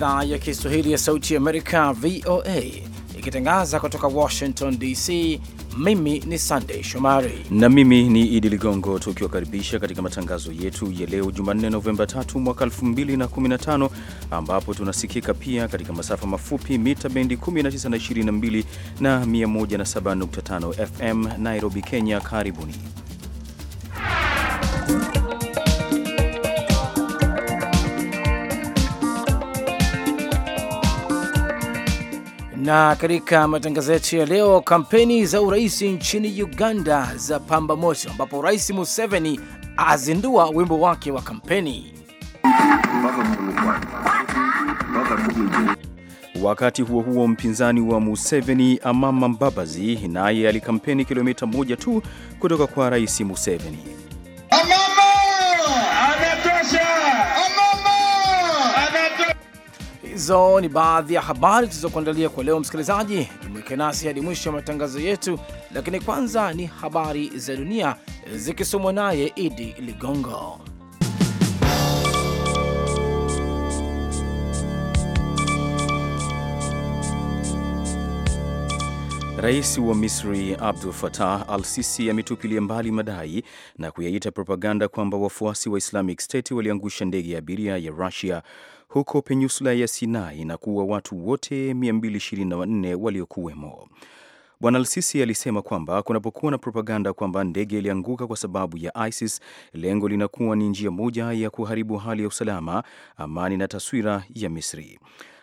idhaa ya Kiswahili ya Sauti Amerika, VOA, ikitangaza kutoka Washington DC. Mimi ni Sandey Shomari na mimi ni Idi Ligongo, tukiwakaribisha katika matangazo yetu ya leo Jumanne, Novemba 3 mwaka 2015, ambapo tunasikika pia katika masafa mafupi mita bendi 19, 22 na 107.5 FM Nairobi, Kenya. Karibuni Na katika matangazo yetu ya leo, kampeni za urais nchini Uganda za pamba moto, ambapo Rais Museveni azindua wimbo wake wa kampeni. Wakati huo huo, mpinzani wa Museveni Amama Mbabazi naye alikampeni kilomita moja tu kutoka kwa Rais Museveni. Hizo ni baadhi ya habari tulizokuandalia kwa leo. Msikilizaji, jumuike nasi hadi mwisho ya matangazo yetu, lakini kwanza ni habari za dunia zikisomwa naye Idi Ligongo. Rais wa Misri Abdul Fatah al Sisi ametupilia mbali madai na kuyaita propaganda kwamba wafuasi wa Islamic State waliangusha ndege ya abiria ya Rusia huko penyusula ya Sinai na kuua watu wote 224 waliokuwemo. Bwana alsisi alisema kwamba kunapokuwa na propaganda kwamba ndege ilianguka kwa sababu ya ISIS, lengo linakuwa ni njia moja ya kuharibu hali ya usalama, amani na taswira ya Misri.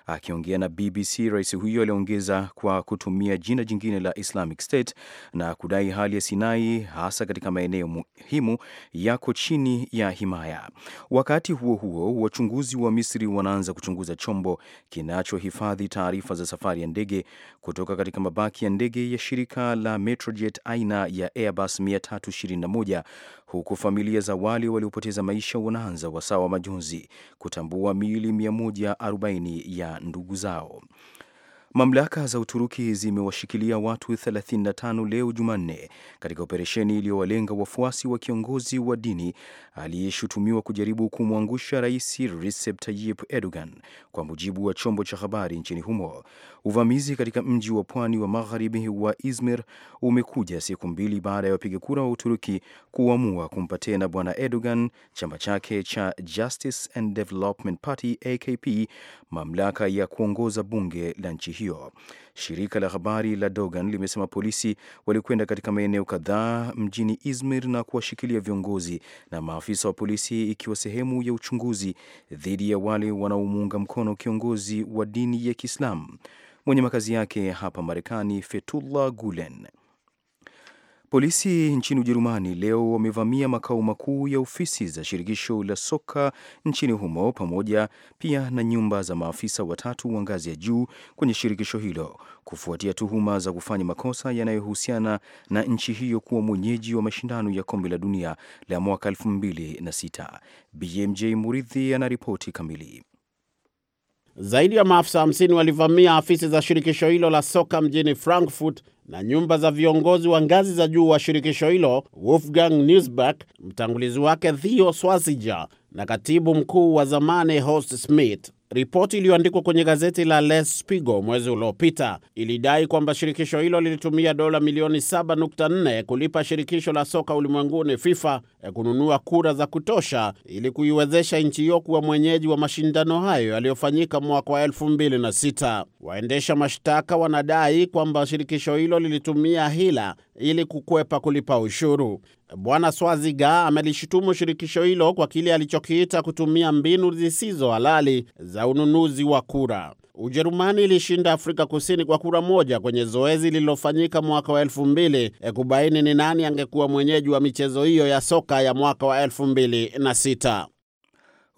Akiongea na BBC, rais huyo aliongeza kwa kutumia jina jingine la Islamic State na kudai hali ya Sinai, hasa katika maeneo muhimu, yako chini ya himaya. Wakati huo huo, wachunguzi wa Misri wanaanza kuchunguza chombo kinachohifadhi taarifa za safari ya ndege kutoka katika mabaki ya ndege ya shirika la Metrojet aina ya Airbus 321 huku familia za wale waliopoteza maisha wanaanza wasawa majonzi kutambua miili 140 ya ndugu zao. Mamlaka za Uturuki zimewashikilia watu 35 leo Jumanne katika operesheni iliyowalenga wafuasi wa kiongozi wa dini aliyeshutumiwa kujaribu kumwangusha Rais Recep Tayyip Erdogan, kwa mujibu wa chombo cha habari nchini humo. Uvamizi katika mji wa pwani wa magharibi wa Izmir umekuja siku mbili baada ya wapiga kura wa Uturuki kuamua kumpa tena Bwana Erdogan chama chake cha Justice and Development Party AKP mamlaka ya kuongoza bunge la nchi hiyo hiyo. Shirika la habari la Dogan limesema polisi walikwenda katika maeneo kadhaa mjini Izmir na kuwashikilia viongozi na maafisa wa polisi, ikiwa sehemu ya uchunguzi dhidi ya wale wanaomuunga mkono kiongozi wa dini ya Kiislamu mwenye makazi yake hapa Marekani, Fethullah Gulen. Polisi nchini Ujerumani leo wamevamia makao makuu ya ofisi za shirikisho la soka nchini humo pamoja pia na nyumba za maafisa watatu wa ngazi ya juu kwenye shirikisho hilo kufuatia tuhuma za kufanya makosa yanayohusiana na nchi hiyo kuwa mwenyeji wa mashindano ya kombe la dunia la mwaka 2006. BMJ Muridhi anaripoti kamili. Zaidi ya maafisa 50 walivamia afisi za shirikisho hilo la soka mjini Frankfurt na nyumba za viongozi wa ngazi za juu wa shirikisho hilo Wolfgang Niebuhr, mtangulizi wake Theo Swasija na katibu mkuu wa zamani Horst Smith Ripoti iliyoandikwa kwenye gazeti la Les Spiegel mwezi uliopita ilidai kwamba shirikisho hilo lilitumia dola milioni 7.4 kulipa shirikisho la soka ulimwenguni FIFA ya eh, kununua kura za kutosha ili kuiwezesha nchi hiyo kuwa mwenyeji wa mashindano hayo yaliyofanyika mwaka wa 2006. Waendesha mashtaka wanadai kwamba shirikisho hilo lilitumia hila ili kukwepa kulipa ushuru. Bwana Swaziga amelishutumu shirikisho hilo kwa kile alichokiita kutumia mbinu zisizo halali za ununuzi wa kura. Ujerumani ilishinda Afrika Kusini kwa kura moja kwenye zoezi lililofanyika mwaka wa elfu mbili eh, kubaini ni nani angekuwa mwenyeji wa michezo hiyo ya soka ya mwaka wa elfu mbili na sita.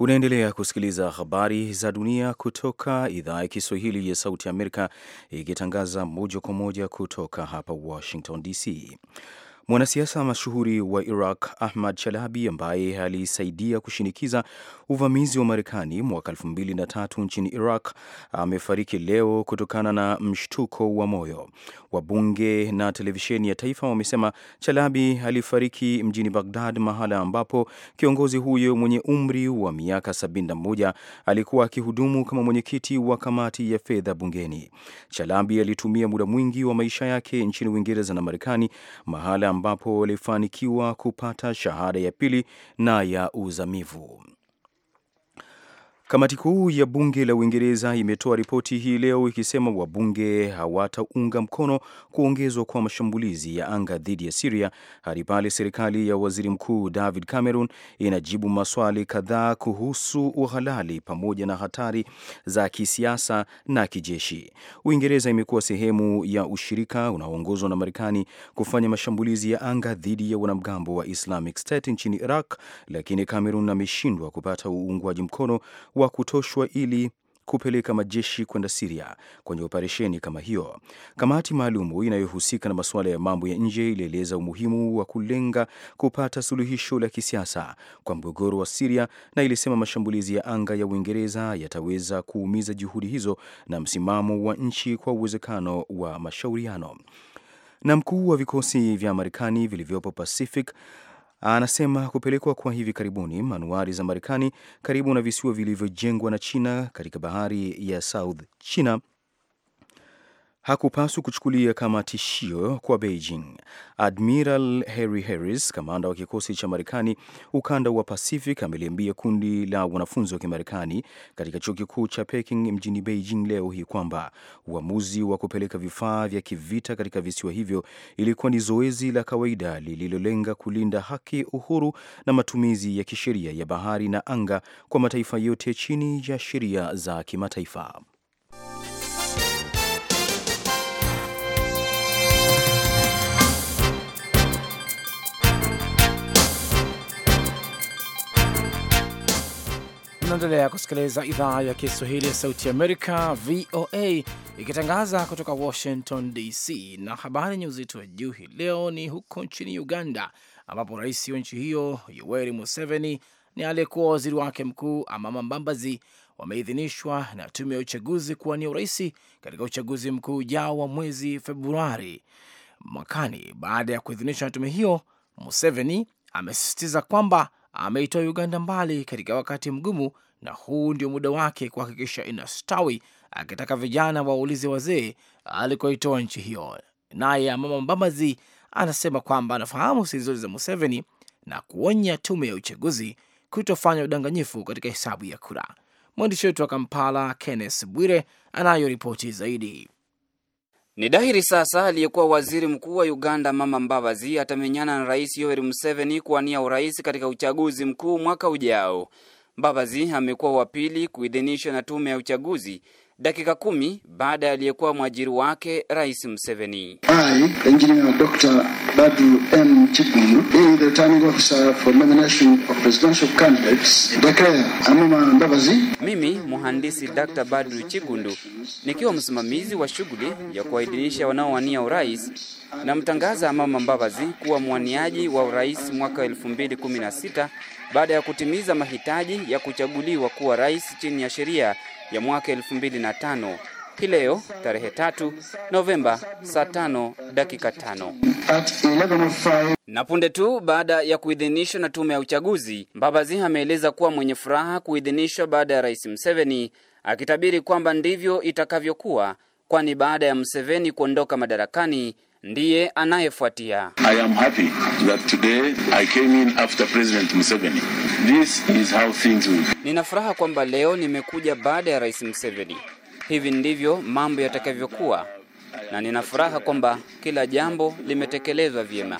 Unaendelea kusikiliza habari za dunia kutoka idhaa ya Kiswahili ya Sauti ya Amerika, ikitangaza moja kwa moja kutoka hapa Washington DC. Mwanasiasa mashuhuri wa Iraq Ahmad Shalabi, ambaye alisaidia kushinikiza uvamizi wa Marekani mwaka tatu nchini Iraq, amefariki leo kutokana na mshtuko wa moyo. Wabunge na televisheni ya taifa wamesema Chalabi alifariki mjini Baghdad, mahala ambapo kiongozi huyo mwenye umri wa miaka 71 alikuwa akihudumu kama mwenyekiti wa kamati ya fedha bungeni. Chalabi alitumia muda mwingi wa maisha yake nchini Uingereza na Marekani, mahala ambapo walifanikiwa kupata shahada ya pili na ya uzamivu. Kamati kuu ya bunge la Uingereza imetoa ripoti hii leo ikisema wabunge hawataunga mkono kuongezwa kwa mashambulizi ya anga dhidi ya Siria hadi pale serikali ya waziri mkuu David Cameron inajibu maswali kadhaa kuhusu uhalali pamoja na hatari za kisiasa na kijeshi. Uingereza imekuwa sehemu ya ushirika unaoongozwa na Marekani kufanya mashambulizi ya anga dhidi ya wanamgambo wa Islamic State nchini Iraq, lakini Cameron ameshindwa kupata uungwaji mkono wa kutoshwa ili kupeleka majeshi kwenda Siria kwenye operesheni kama hiyo. Kamati maalumu inayohusika na masuala ya mambo ya nje ilieleza umuhimu wa kulenga kupata suluhisho la kisiasa kwa mgogoro wa Siria na ilisema mashambulizi ya anga ya Uingereza yataweza kuumiza juhudi hizo na msimamo wa nchi kwa uwezekano wa mashauriano na mkuu wa vikosi vya Marekani vilivyopo Pacific anasema kupelekwa kwa hivi karibuni manuari za Marekani karibu na visiwa vilivyojengwa na China katika bahari ya South China hakupaswi kuchukulia kama tishio kwa Beijing. Admiral Harry Harris, kamanda wa kikosi cha Marekani ukanda wa Pacific, ameliambia kundi la wanafunzi wa Kimarekani katika chuo kikuu cha Peking mjini Beijing leo hii kwamba uamuzi wa kupeleka vifaa vya kivita katika visiwa hivyo ilikuwa ni zoezi la kawaida lililolenga kulinda haki, uhuru na matumizi ya kisheria ya bahari na anga kwa mataifa yote chini ya sheria za kimataifa. Tunaendelea kusikiliza idhaa ya Kiswahili ya Sauti Amerika, VOA, ikitangaza kutoka Washington DC. Na habari yenye uzito wa juu hii leo ni huko nchini Uganda, ambapo rais wa nchi hiyo Yoweri Museveni ni aliyekuwa waziri wake mkuu Amama Mbambazi wameidhinishwa na tume ya uchaguzi kuwania urais katika uchaguzi mkuu ujao wa mwezi Februari mwakani. Baada ya kuidhinishwa na tume hiyo, Museveni amesisitiza kwamba ameitoa Uganda mbali katika wakati mgumu, na huu ndio muda wake kuhakikisha inastawi, akitaka vijana waulize wazee alikoitoa nchi hiyo. Naye Amama Mbabazi anasema kwamba anafahamu siri zote za Museveni na kuonya tume ya uchaguzi kutofanya udanganyifu katika hesabu ya kura. Mwandishi wetu wa Kampala, Kenneth Bwire, anayo ripoti zaidi. Ni dhahiri sasa aliyekuwa waziri mkuu wa Uganda Mama Mbabazi atamenyana na Rais Yoweri Museveni kuwania urais katika uchaguzi mkuu mwaka ujao. Mbabazi amekuwa wa pili kuidhinishwa na tume ya uchaguzi dakika kumi baada ya aliyekuwa mwajiri wake Rais Museveni. Mimi mhandisi Dr. Badru Chigundu nikiwa msimamizi wa shughuli ya kuwaidhinisha wanaowania urais namtangaza Amama Mbabazi kuwa mwaniaji wa urais mwaka 2016 baada ya kutimiza mahitaji ya kuchaguliwa kuwa rais chini ya sheria ya mwaka 2005 hii leo tarehe tatu Novemba saa tano dakika tano na punde tu baada ya kuidhinishwa na tume ya uchaguzi, Mbabazi ameeleza kuwa mwenye furaha kuidhinishwa baada ya Rais Museveni, akitabiri kwamba ndivyo itakavyokuwa, kwani baada ya Museveni kuondoka madarakani ndiye anayefuatia. I am happy that today I came in after President Museveni. This is how things will. Nina furaha kwamba leo nimekuja baada ya Rais Museveni. Hivi ndivyo mambo yatakavyokuwa na nina furaha kwamba kila jambo limetekelezwa vyema.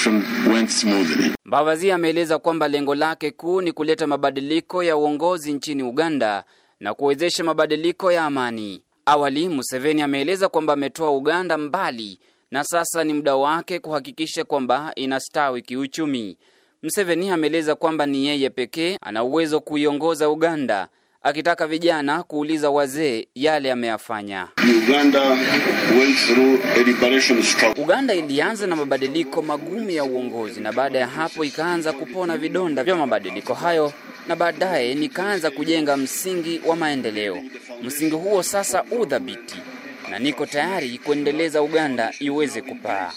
Mbabazi ameeleza kwamba lengo lake kuu ni kuleta mabadiliko ya uongozi nchini Uganda na kuwezesha mabadiliko ya amani. Awali, Museveni ameeleza kwamba ametoa Uganda mbali na sasa ni muda wake kuhakikisha kwamba inastawi kiuchumi. mseveni ameeleza kwamba ni yeye pekee ana uwezo kuiongoza Uganda, akitaka vijana kuuliza wazee yale ameyafanya. Uganda, Uganda ilianza na mabadiliko magumu ya uongozi na baada ya hapo ikaanza kupona vidonda vya mabadiliko hayo na baadaye nikaanza kujenga msingi wa maendeleo. Msingi huo sasa udhabiti na niko tayari kuendeleza Uganda iweze kupaa.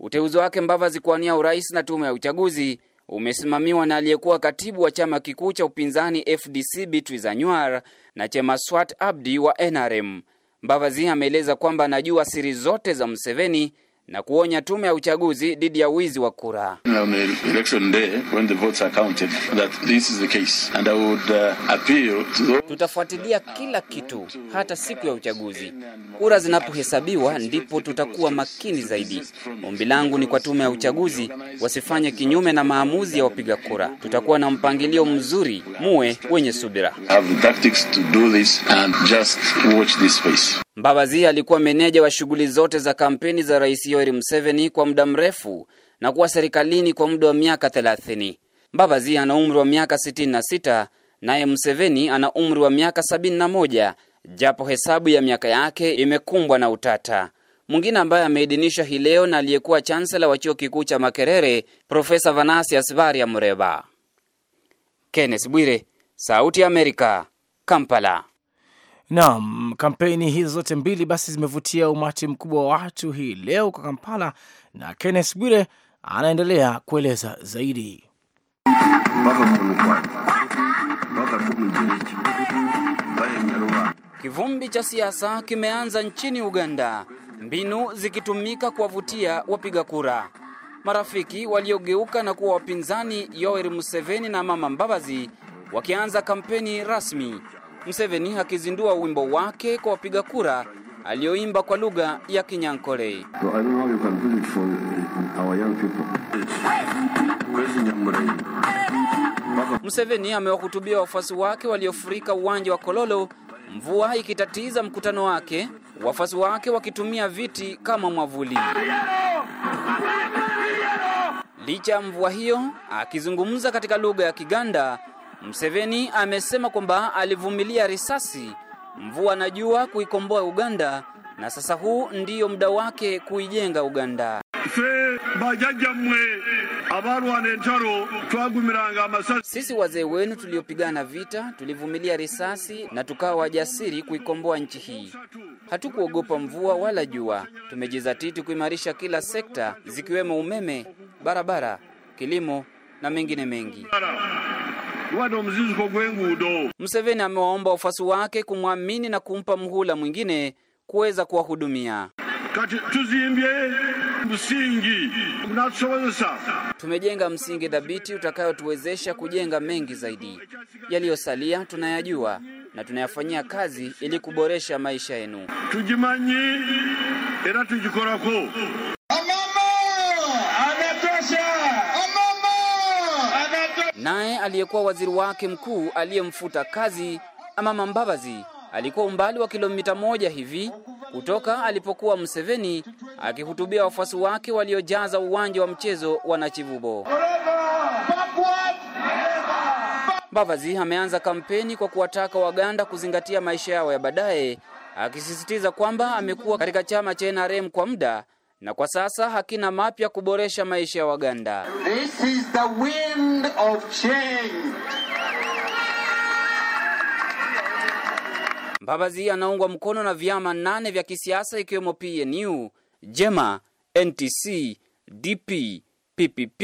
Uteuzi wake Mbavazi kuwania urais na tume ya uchaguzi umesimamiwa na aliyekuwa katibu wa chama kikuu cha upinzani FDC Beatrice Anywar na Chemaswat Abdi wa NRM. Mbavazi ameeleza kwamba anajua siri zote za Museveni na kuonya tume ya uchaguzi dhidi ya wizi wa kura. Uh, Tutafuatilia kila kitu, hata siku ya uchaguzi. Kura zinapohesabiwa, ndipo tutakuwa makini zaidi. Ombi langu ni kwa tume ya uchaguzi wasifanye kinyume na maamuzi ya wapiga kura. Tutakuwa na mpangilio mzuri, muwe wenye subira. Mbabazi alikuwa meneja wa shughuli zote za kampeni za rais Yoweri Museveni kwa muda mrefu na kuwa serikalini kwa muda wa miaka 30. Mbabazi ana umri wa miaka 66 naye Museveni ana umri wa miaka 71, japo hesabu ya miaka yake imekumbwa na utata. Mwingine ambaye ameidhinishwa hii leo na aliyekuwa chansela wa chuo kikuu cha Makerere, Profesa Vanasius varia Mureba. Kenneth Bwire, Sauti ya Amerika, Kampala. Naam, kampeni hizo zote mbili basi zimevutia umati mkubwa wa watu hii leo kwa Kampala, na Kenneth Bwire anaendelea kueleza zaidi. Kivumbi cha siasa kimeanza nchini Uganda, mbinu zikitumika kuwavutia wapiga kura. Marafiki waliogeuka na kuwa wapinzani, Yoweri Museveni na Mama Mbabazi, wakianza kampeni rasmi Museveni akizindua wimbo wake kwa wapiga kura aliyoimba kwa lugha ya Kinyankole. Uh, Museveni amewahutubia wafuasi wake waliofurika uwanja wa Kololo, mvua ikitatiza mkutano wake, wafuasi wake wakitumia viti kama mwavuli. Licha ya mvua hiyo, akizungumza katika lugha ya Kiganda, Mseveni amesema kwamba alivumilia risasi, mvua na jua kuikomboa Uganda na sasa huu ndiyo muda wake kuijenga Uganda. Sisi wazee wenu tuliopigana vita tulivumilia risasi na tukawa wajasiri kuikomboa nchi hii. Hatukuogopa mvua wala jua. Tumejizatiti kuimarisha kila sekta zikiwemo umeme, barabara, kilimo na mengine mengi. Museveni amewaomba wafuasi wake kumwamini na kumpa mhula mwingine kuweza kuwahudumia. Kati tuzimbye msingi mnatusobozesa, tumejenga msingi dhabiti utakayotuwezesha kujenga mengi zaidi. Yaliyosalia tunayajua na tunayafanyia kazi ili kuboresha maisha yenu tujimanyi era tujikorako aliyekuwa waziri wake mkuu aliyemfuta kazi Amama Mbabazi alikuwa umbali wa kilomita moja hivi kutoka alipokuwa Museveni akihutubia wafuasi wake waliojaza uwanja wa mchezo wa Nachivubo. Mbavazi ameanza kampeni kwa kuwataka Waganda kuzingatia maisha yao ya baadaye, akisisitiza kwamba amekuwa katika chama cha NRM kwa muda na kwa sasa hakina mapya kuboresha maisha ya Waganda. This is the wind of change. Mbabazi anaungwa mkono na vyama nane vya kisiasa ikiwemo PNU, Jema, NTC, DP, PPP,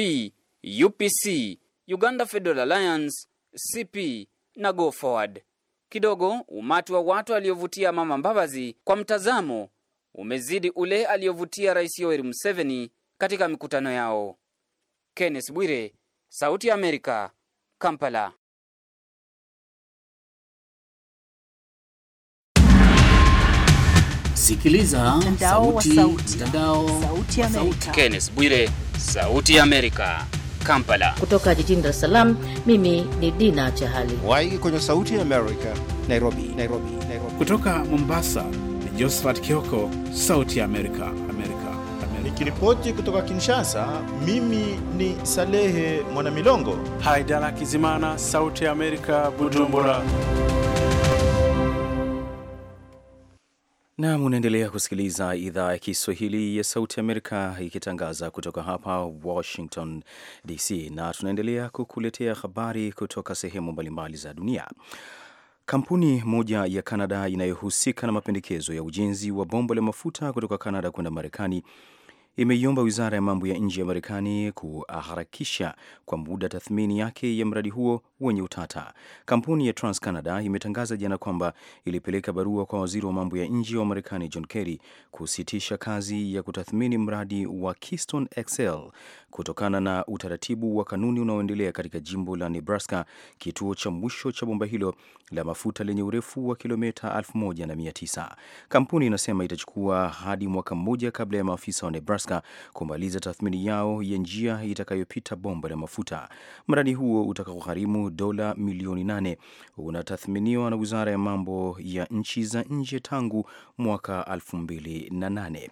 UPC, Uganda Federal Alliance, CP na Go Forward. Kidogo umati wa watu aliovutia mama Mbabazi kwa mtazamo umezidi ule aliyovutia Rais Yoweri Museveni katika mikutano yao. Kenneth Bwire, Sauti ya Amerika, Kampala. Sikiliza mtandao sauti, mtandao sauti ya Kenneth Bwire, Sauti ya Amerika, Kampala. Kutoka jijini Dar es Salaam, mimi ni Dina Chahali. Waiki kwenye Sauti ya Amerika, Nairobi, Nairobi, Nairobi. Kutoka Mombasa Josephat Kioko, Sauti ya Amerika, Amerika. Nikiripoti kutoka Kinshasa, mimi ni Salehe Mwanamilongo. Haidala Kizimana, Sauti ya Amerika, Bujumbura. Nam, unaendelea kusikiliza idhaa ya Kiswahili ya Sauti Amerika ikitangaza kutoka hapa Washington DC, na tunaendelea kukuletea habari kutoka sehemu mbalimbali za dunia. Kampuni moja ya Kanada inayohusika na mapendekezo ya ujenzi wa bomba la mafuta kutoka Kanada kwenda Marekani imeiomba wizara ya mambo ya nje ya Marekani kuharakisha kwa muda tathmini yake ya mradi huo wenye utata. Kampuni ya TransCanada imetangaza jana kwamba ilipeleka barua kwa waziri wa mambo ya nje wa Marekani John Kerry kusitisha kazi ya kutathmini mradi wa Keystone XL kutokana na utaratibu wa kanuni unaoendelea katika jimbo la Nebraska, kituo cha mwisho cha bomba hilo la mafuta lenye urefu wa kilomita 1900. Kampuni inasema itachukua hadi mwaka mmoja kabla ya maafisa wa Nebraska kumaliza tathmini yao ya njia itakayopita bomba la mafuta. Mradi huo utakaogharimu dola milioni nane unatathminiwa na wizara ya mambo ya nchi za nje tangu mwaka 2008.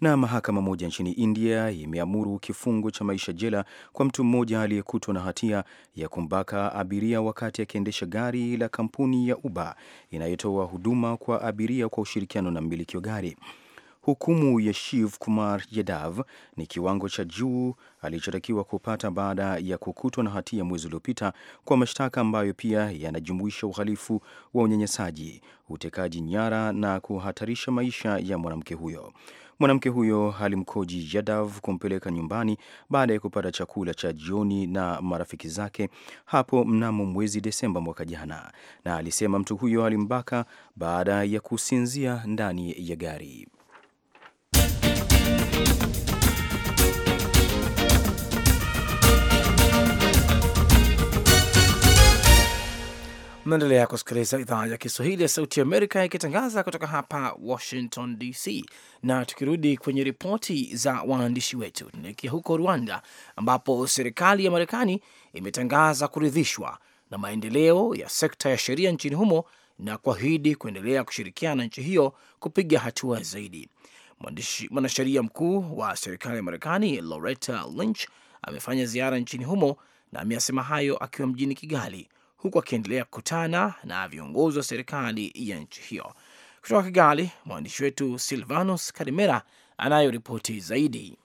Na mahakama moja nchini India imeamuru kifungo cha maisha jela kwa mtu mmoja aliyekutwa na hatia ya kumbaka abiria wakati akiendesha gari la kampuni ya Uber inayotoa huduma kwa abiria kwa ushirikiano na mmiliki wa gari. Hukumu ya Shiv Kumar Yadav ni kiwango cha juu alichotakiwa kupata baada ya kukutwa na hatia mwezi uliopita kwa mashtaka ambayo pia yanajumuisha uhalifu wa unyanyasaji, utekaji nyara na kuhatarisha maisha ya mwanamke huyo. Mwanamke huyo alimkoji Yadav kumpeleka nyumbani baada ya kupata chakula cha jioni na marafiki zake hapo mnamo mwezi Desemba mwaka jana, na alisema mtu huyo alimbaka baada ya kusinzia ndani ya gari. Naendelea kusikiliza idhaa ya Kiswahili ya Sauti Amerika ikitangaza kutoka hapa Washington DC. Na tukirudi kwenye ripoti za waandishi wetu, tunaelekea huko Rwanda ambapo serikali ya Marekani imetangaza kuridhishwa na maendeleo ya sekta ya sheria nchini humo na kuahidi kuendelea kushirikiana na nchi hiyo kupiga hatua zaidi. Mwanasheria mkuu wa serikali ya Marekani Loretta Lynch amefanya ziara nchini humo na ameyasema hayo akiwa mjini Kigali, huku akiendelea kukutana na viongozi wa serikali ya nchi hiyo. Kutoka Kigali, mwandishi wetu Silvanus Karimera anayo ripoti zaidi.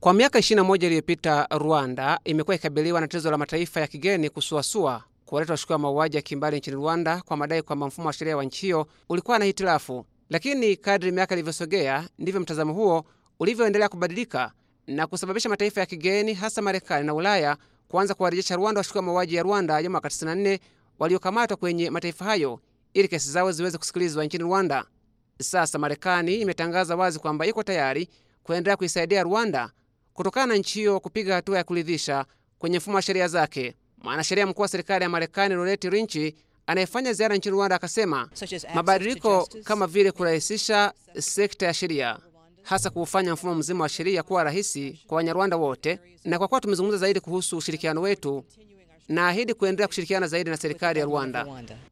Kwa miaka 21 iliyopita, Rwanda imekuwa ikikabiliwa na tatizo la mataifa ya kigeni kusuasua kuwaleta washukiwa mauaji ya kimbali nchini Rwanda kwa madai kwamba mfumo wa sheria wa nchi hiyo ulikuwa na hitilafu. Lakini kadri miaka ilivyosogea ndivyo mtazamo huo ulivyoendelea kubadilika na kusababisha mataifa ya kigeni hasa Marekani na Ulaya kuanza kuwarejesha Rwanda washukiwa mauaji ya Rwanda ya mwaka 94 waliokamatwa kwenye mataifa hayo ili kesi zao ziweze kusikilizwa nchini Rwanda. Sasa Marekani imetangaza wazi kwamba iko tayari kuendelea kuisaidia Rwanda kutokana na nchi hiyo kupiga hatua ya kuridhisha kwenye mfumo wa sheria zake. Mwanasheria mkuu wa serikali ya Marekani Loreti Rinchi anayefanya ziara nchini Rwanda akasema mabadiliko kama vile kurahisisha sekta ya sheria, hasa kuufanya mfumo mzima wa sheria kuwa rahisi kwa Wanyarwanda wote. Na kwa kuwa tumezungumza zaidi kuhusu ushirikiano wetu, naahidi kuendelea kushirikiana zaidi na serikali ya Rwanda.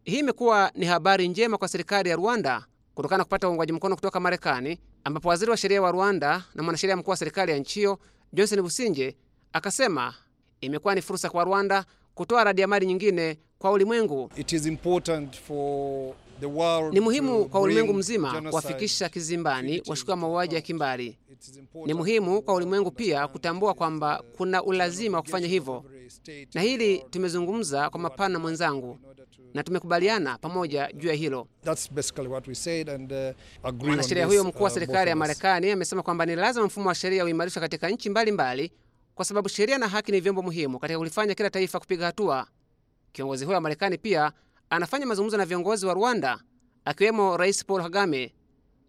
Hii imekuwa ni habari njema kwa serikali ya Rwanda kutokana na kupata uungwaji mkono kutoka Marekani, ambapo waziri wa sheria wa Rwanda na mwanasheria mkuu wa serikali ya nchi hiyo Johnson Businje akasema imekuwa ni fursa kwa Rwanda kutoa radiamali nyingine kwa ulimwengu. It is important for the world, ni muhimu kwa ulimwengu mzima kuwafikisha kizimbani washukiwa mauaji ya kimbari. Ni muhimu kwa ulimwengu pia kutambua kwamba kuna ulazima wa kufanya hivyo, na hili tumezungumza kwa mapana mwenzangu na tumekubaliana pamoja juu ya hilo. Uh, Mwanasheria uh, huyo mkuu wa uh, serikali uh, ya Marekani amesema kwamba ni lazima mfumo wa sheria uimarishwe katika nchi mbalimbali kwa sababu sheria na haki ni vyombo muhimu katika kulifanya kila taifa kupiga hatua. Kiongozi huyo wa Marekani pia anafanya mazungumzo na viongozi wa Rwanda, akiwemo Rais Paul Kagame.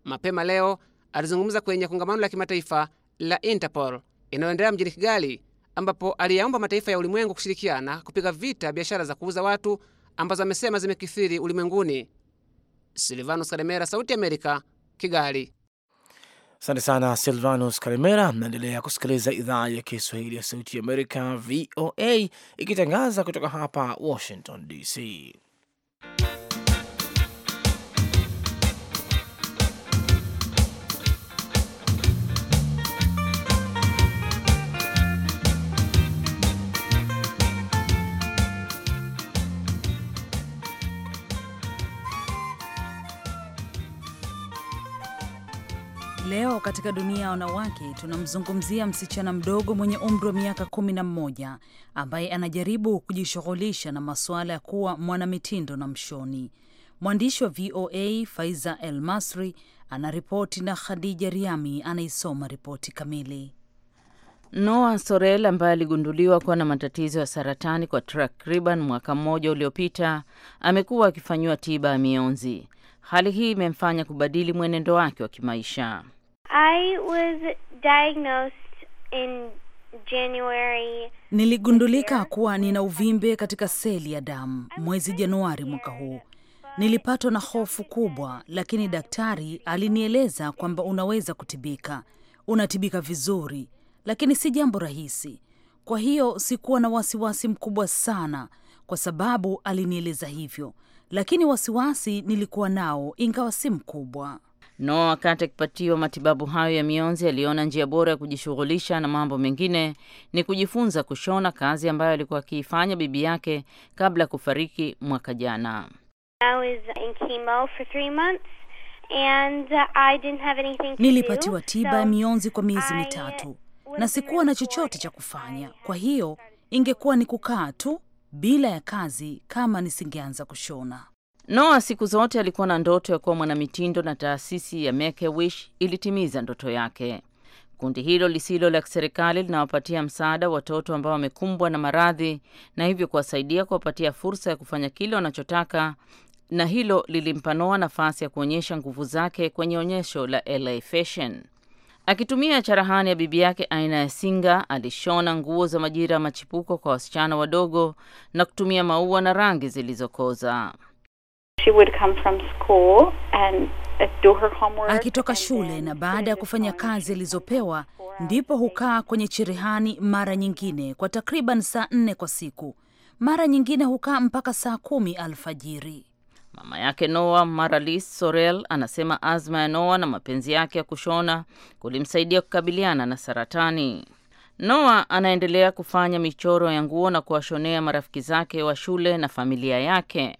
Mapema leo alizungumza kwenye kongamano la kimataifa la Interpol inayoendelea mjini Kigali, ambapo aliyaomba mataifa ya ulimwengu kushirikiana kupiga vita biashara za kuuza watu ambazo amesema zimekithiri ulimwenguni. Silvanus Karemera, Sauti ya Amerika, Kigali. Asante sana Silvanus Karimera. Mnaendelea kusikiliza idhaa ya Kiswahili ya Sauti ya Amerika, VOA, ikitangaza kutoka hapa Washington DC. Leo katika dunia ya wanawake tunamzungumzia msichana mdogo mwenye umri wa miaka kumi na mmoja ambaye anajaribu kujishughulisha na masuala ya kuwa mwanamitindo na mshoni. Mwandishi wa VOA Faiza El Masri anaripoti na Khadija Riami anaisoma ripoti kamili. Noa Sorel ambaye aligunduliwa kuwa na matatizo ya saratani kwa takriban mwaka mmoja uliopita amekuwa akifanyiwa tiba ya mionzi. Hali hii imemfanya kubadili mwenendo wake wa kimaisha. I was diagnosed in January. Niligundulika kuwa nina uvimbe katika seli ya damu mwezi Januari mwaka huu. Nilipatwa na hofu kubwa, lakini daktari alinieleza kwamba unaweza kutibika, unatibika vizuri, lakini si jambo rahisi. Kwa hiyo sikuwa na wasiwasi mkubwa sana, kwa sababu alinieleza hivyo, lakini wasiwasi nilikuwa nao, ingawa si mkubwa. Noa wakati akipatiwa matibabu hayo ya mionzi aliona njia bora ya kujishughulisha na mambo mengine ni kujifunza kushona, kazi ambayo alikuwa akiifanya bibi yake kabla ya kufariki mwaka jana. Uh, Nilipatiwa tiba ya mionzi kwa miezi mitatu na sikuwa na chochote cha kufanya, kwa hiyo ingekuwa ni kukaa tu bila ya kazi kama nisingeanza kushona. Noah siku zote alikuwa na ndoto ya kuwa mwanamitindo na taasisi ya Make a Wish ilitimiza ndoto yake. Kundi hilo lisilo la kiserikali linawapatia msaada watoto ambao wamekumbwa na maradhi na hivyo kuwasaidia kuwapatia fursa ya kufanya kile wanachotaka, na hilo lilimpa Noah nafasi ya kuonyesha nguvu zake kwenye onyesho la LA Fashion. Akitumia charahani ya bibi yake aina ya singa, alishona nguo za majira ya machipuko kwa wasichana wadogo na kutumia maua na rangi zilizokoza. She would come from school and uh, do her homework. Akitoka shule na baada ya kufanya kazi alizopewa, ndipo hukaa kwenye cherehani mara nyingine kwa takriban saa nne kwa siku. Mara nyingine hukaa mpaka saa kumi alfajiri. Mama yake Noa Maralis Sorel anasema azma ya Noa na mapenzi yake ya kushona kulimsaidia kukabiliana na saratani. Noa anaendelea kufanya michoro ya nguo na kuwashonea marafiki zake wa shule na familia yake.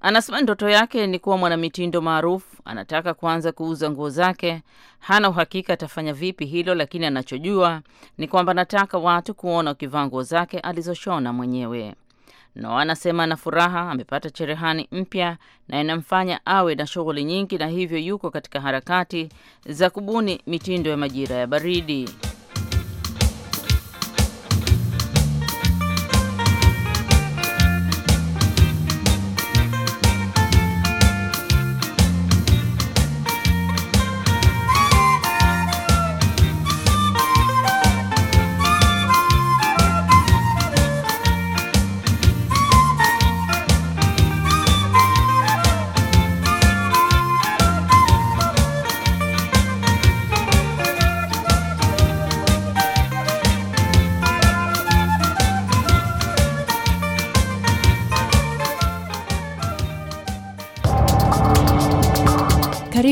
Anasema ndoto yake ni kuwa mwanamitindo maarufu, anataka kuanza kuuza nguo zake. Hana uhakika atafanya vipi hilo, lakini anachojua ni kwamba anataka watu kuona ukivaa nguo zake alizoshona mwenyewe. Noa anasema ana furaha, amepata cherehani mpya na inamfanya awe na shughuli nyingi, na hivyo yuko katika harakati za kubuni mitindo ya majira ya baridi.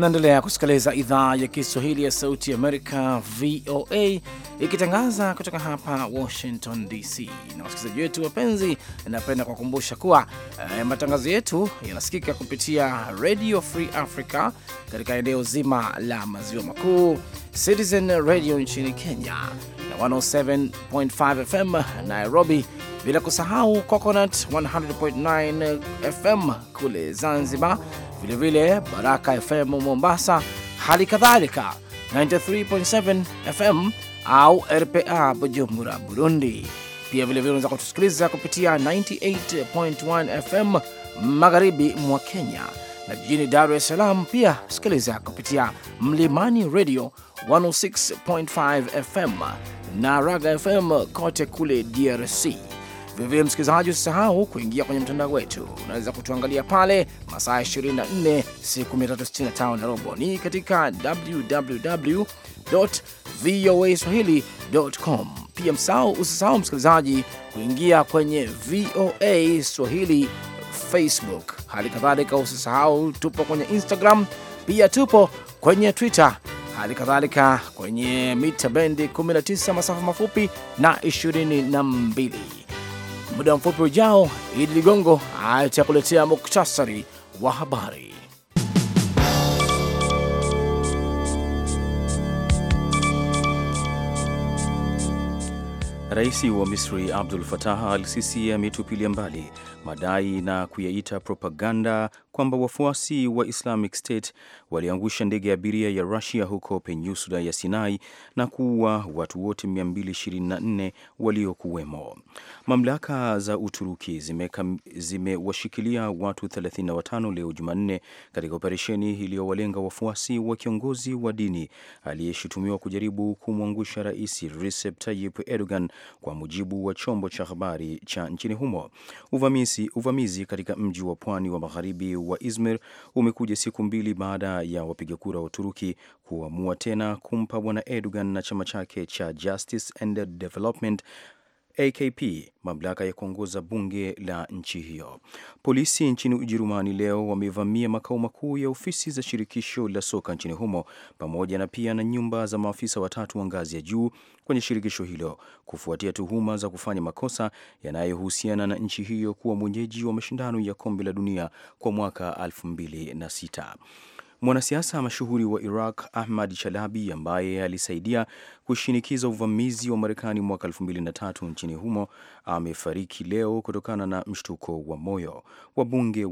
naendelea kusikiliza idhaa ya Kiswahili ya Sauti ya Amerika, VOA, ikitangaza kutoka hapa Washington DC. Na wasikilizaji wetu wapenzi, napenda kuwakumbusha kuwa eh, matangazo yetu yanasikika kupitia Radio Free Africa katika eneo zima la maziwa makuu, Citizen Radio nchini Kenya na 107.5 FM Nairobi, bila kusahau Coconut 100.9 FM kule Zanzibar vilevile Baraka FM Mombasa, hali kadhalika 93.7 FM au RPA Bujumbura, Burundi. Pia vilevile unaweza kutusikiliza kupitia 98.1 FM magharibi mwa Kenya na jijini Dar es Salaam pia sikiliza kupitia Mlimani Radio 106.5 FM na Raga FM kote kule DRC. Vilevile msikilizaji, usisahau kuingia kwenye mtandao wetu, unaweza kutuangalia pale masaa 24 siku 365 na robo ni katika www voa swahili.com. Pia msahau, usisahau msikilizaji, kuingia kwenye VOA Swahili Facebook. Hali kadhalika usisahau, tupo kwenye Instagram, pia tupo kwenye Twitter, hali kadhalika kwenye mita bendi 19 masafa mafupi na 22. Muda mfupi ujao, Idi Ligongo atakuletea muktasari wa habari. Rais wa Misri Abdul Fatah al Sisi ametupilia mbali madai na kuyaita propaganda kwamba wafuasi wa Islamic State waliangusha ndege ya abiria ya Russia huko penyusula ya Sinai na kuua watu wote 224 waliokuwemo. Mamlaka za Uturuki zimewashikilia zime watu 35 leo Jumanne katika operesheni iliyowalenga wafuasi wa kiongozi wa dini aliyeshutumiwa kujaribu kumwangusha Rais Recep Tayyip Erdogan, kwa mujibu wa chombo cha habari cha nchini humo. Uvamizi Alhamisi, uvamizi katika mji wa pwani wa magharibi wa Izmir umekuja siku mbili baada ya wapiga kura wa Uturuki kuamua tena kumpa bwana Erdogan na chama chake cha Justice and Development AKP mamlaka ya kuongoza bunge la nchi hiyo. Polisi nchini Ujerumani leo wamevamia makao makuu ya ofisi za shirikisho la soka nchini humo pamoja na pia na nyumba za maafisa watatu wa ngazi ya juu kwenye shirikisho hilo kufuatia tuhuma za kufanya makosa yanayohusiana na nchi hiyo kuwa mwenyeji wa mashindano ya kombe la dunia kwa mwaka 2006. Mwanasiasa mashuhuri wa Iraq Ahmad Chalabi, ambaye alisaidia kushinikiza uvamizi wa Marekani mwaka 2003 nchini humo, amefariki leo kutokana na mshtuko wa moyo. Wabunge,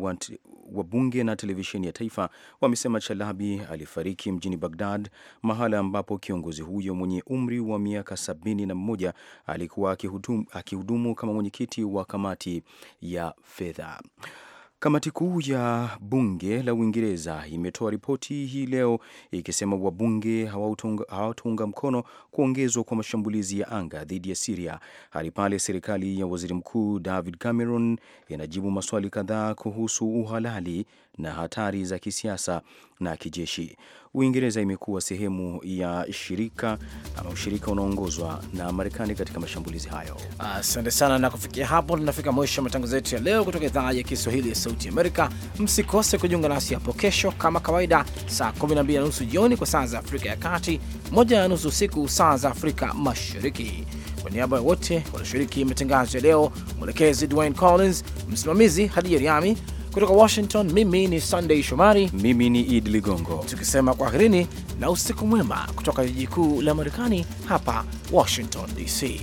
wabunge na televisheni ya taifa wamesema Chalabi alifariki mjini Bagdad, mahala ambapo kiongozi huyo mwenye umri wa miaka 71 alikuwa akihudumu kama mwenyekiti wa kamati ya fedha. Kamati kuu ya bunge la Uingereza imetoa ripoti hii leo ikisema wabunge hawatunga mkono kuongezwa kwa mashambulizi ya anga dhidi ya Siria hadi pale serikali ya waziri mkuu David Cameron inajibu maswali kadhaa kuhusu uhalali na hatari za kisiasa na kijeshi. Uingereza imekuwa sehemu ya shirika ama ushirika unaoongozwa na Marekani katika mashambulizi hayo. Asante sana, na kufikia hapo tunafika mwisho wa matangazo yetu ya leo kutoka idhaa ya Kiswahili ya Sauti Amerika. Msikose kujiunga nasi hapo kesho kama kawaida, saa 12 na nusu jioni kwa saa za Afrika ya Kati, moja na nusu usiku saa za Afrika Mashariki. Kwa niaba ya wote walioshiriki matangazo ya leo, mwelekezi Dwayne Collins, msimamizi Hadija Riami kutoka Washington, mimi ni Sunday Shomari, mimi ni Id Ligongo, tukisema kwaherini na usiku mwema kutoka jiji kuu la Marekani, hapa Washington DC.